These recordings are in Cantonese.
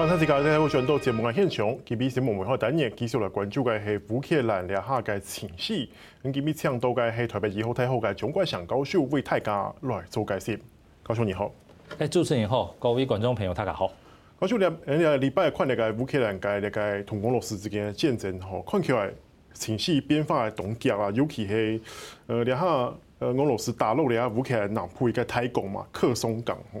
今次記者咧睇過許多節目嘅現場，今次節目我們可以等下繼續來關注嘅係烏克蘭倆下嘅情勢，跟今次搶到嘅係台北醫學大學嘅張國城教授為大家來做解釋。教授你好，誒，主持人你好，各位觀眾朋友大家好。教授，你誒禮拜看咧嘅烏克蘭嘅咧個同俄羅斯之間嘅戰爭吼，看起來情勢變化誒凍結啊，尤其係誒倆下誒俄羅斯打落嚟，啊，烏克蘭南部一個胎港嘛，克松港吼。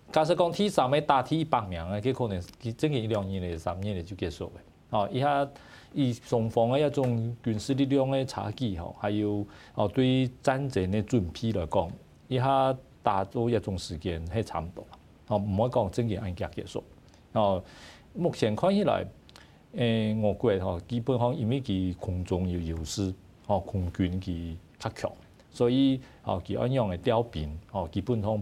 其實講 T 三誒搭 T 一百名誒計可能是真係一兩年嚟、三年誒就結束嘅。吼伊遐伊雙方誒迄種軍事力量誒差距，吼，還有哦對戰爭誒準備來講伊遐搭做迄種時間係差毋多啦。哦，唔、哦、可以講真係立即結束。吼、哦、目前看起來誒外國吼，基本吼因為其空中有優勢吼空軍其較強所以吼、哦、其安陽誒調頻吼基本吼。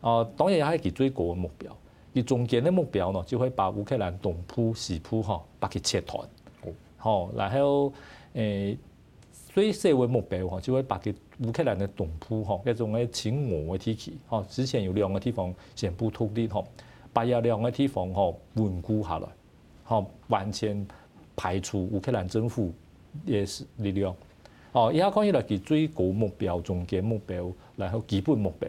哦，當然係佢最高嘅目標，佢中間嘅目標呢，就會把烏克蘭東部、西部吼、哦，把佢切斷吼、哦哦。然後誒、欸、最細嘅目標吼，就會把佢烏克蘭嘅東部吼，一種嘅親俄嘅地區，吼、哦，之前有兩個地方全部脫離吼，把依兩個地方吼，穩固下來吼、哦，完全排除烏克蘭政府嘅力量，哦，也可以嚟，佢最高目標，重建目標，然後基本目標。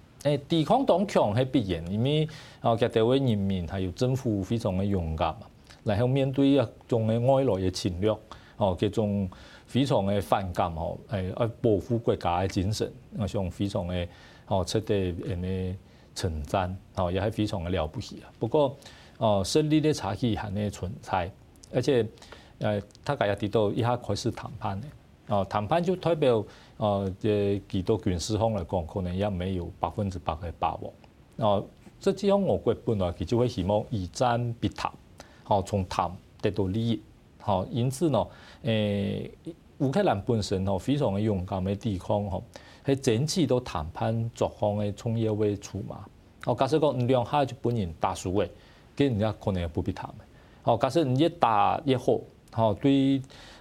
誒、欸，抵抗黨強係必然，因為啊，其實嗰位人民還有政府非常的勇敢，然後面對啊種嘅外來嘅侵略，哦，嗰種非常嘅反感，哦，誒，保護國家嘅精神，我想非常誒，哦，徹底誒誒，成長，哦，亦係非常嘅了不起啊！不過，哦，勝利嘅差距係呢存在，而且誒，他家也提到伊遐開始談判嘅，哦，談判就代表。呃即幾多軍事方來講，可能也沒有百分之百嘅把握。哦，即隻方俄國本來其實就希望以戰逼談嚇、哦，從談得到利益。嚇、哦，因此呢，誒、呃，烏克蘭本身嚇、哦、非常勇敢嘅抵抗，嚇，係堅持都談判作風嘅從業位處嘛。哦，假使講個兩下就本人打輸誒，咁人家可能也不必談。哦，假使你越打越好嚇，哦對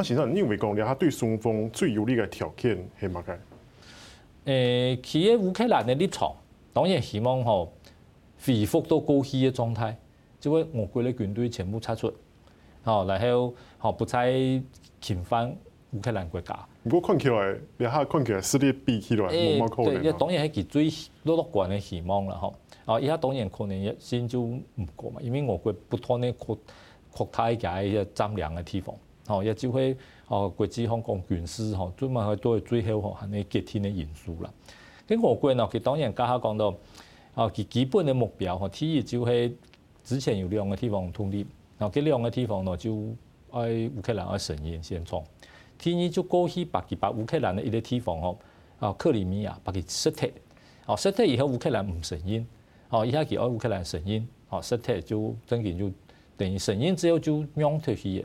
啊、實際上，你認為講，你他對雙方最有利的條件係乜嘢？呃、欸，企喺烏克蘭的立場，當然希望吼、哦，恢復到過去的狀態，即係話俄國的軍隊全部撤出，吼、哦，然後吼不再侵犯烏克蘭國家。不過看起來，一下、嗯欸、看起來實力比起來，誒、啊，對，當然係其最樂觀的希望啦，吼、哦。啊，伊下當然可能也先做唔過嘛，因為俄國不斷擴擴大伊家一個佔領的地方。吼，一朝去吼國際航空軍事吼專門係都最後吼安尼極天誒因素啦。咁何故呢？佢當然家下講到啊，其基本誒目標吼，天二朝迄之前有兩個地方通啲，然後佢兩個地方呢就喺烏克蘭喺成因先創。天二就過去把佢把烏克蘭誒一個地方吼，啊克里米亞把佢塞脱，哦塞脱以後烏克蘭毋承認哦伊遐去喺烏克蘭承認哦塞脱就整件就等於承認之後就兩條線。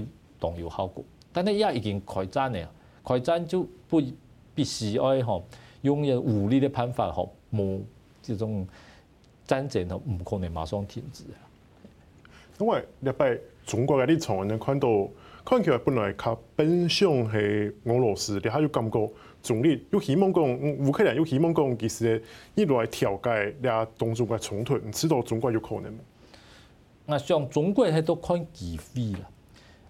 係同樣效果，但係一已經開戰咧，開戰就不必須愛吼用人武力的辦法，和冇這種戰爭，就唔可能馬上停止。因為日拜中國嗰啲立場看到，看起來本來佢本想係俄羅斯，然後又感覺，總理又希望講烏克蘭又希望講，其實一路來調解，倆當中嘅衝突，知道中國有可能冇？像中國喺度看機會啦。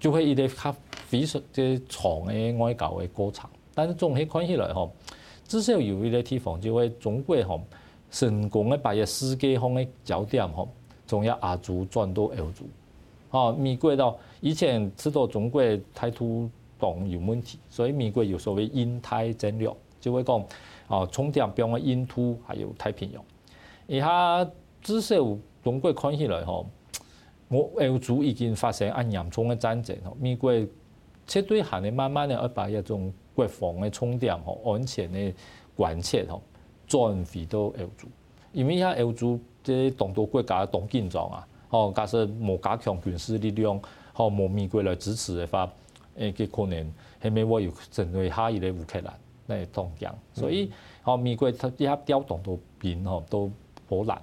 就會一較吸非常即長嘅外交嘅過程，但是總體看起來吼、哦，至少有一啲地方就會中國吼成功嘅把一世界方嘅焦點吼，從要亞洲轉到歐洲，吼、哦，美國到以前知道中國態度當有問題，所以美國有所謂印太戰略，就會講哦重點變為印太，還有太平洋，而家至少中國看起來吼、哦。我歐洲已經發生啊嚴重嘅戰爭，爭，美國即對下咧慢慢的要把一種國防嘅重點吼，安全的關切，吼，轉移到歐洲，因為啊歐洲個東道國家東進狀啊，哦加上冇加強軍事力量，哦冇美國來支持的話，誒嘅可能後面我又成為下一個烏克蘭，那同樣，所以美國佢即刻調動都好難。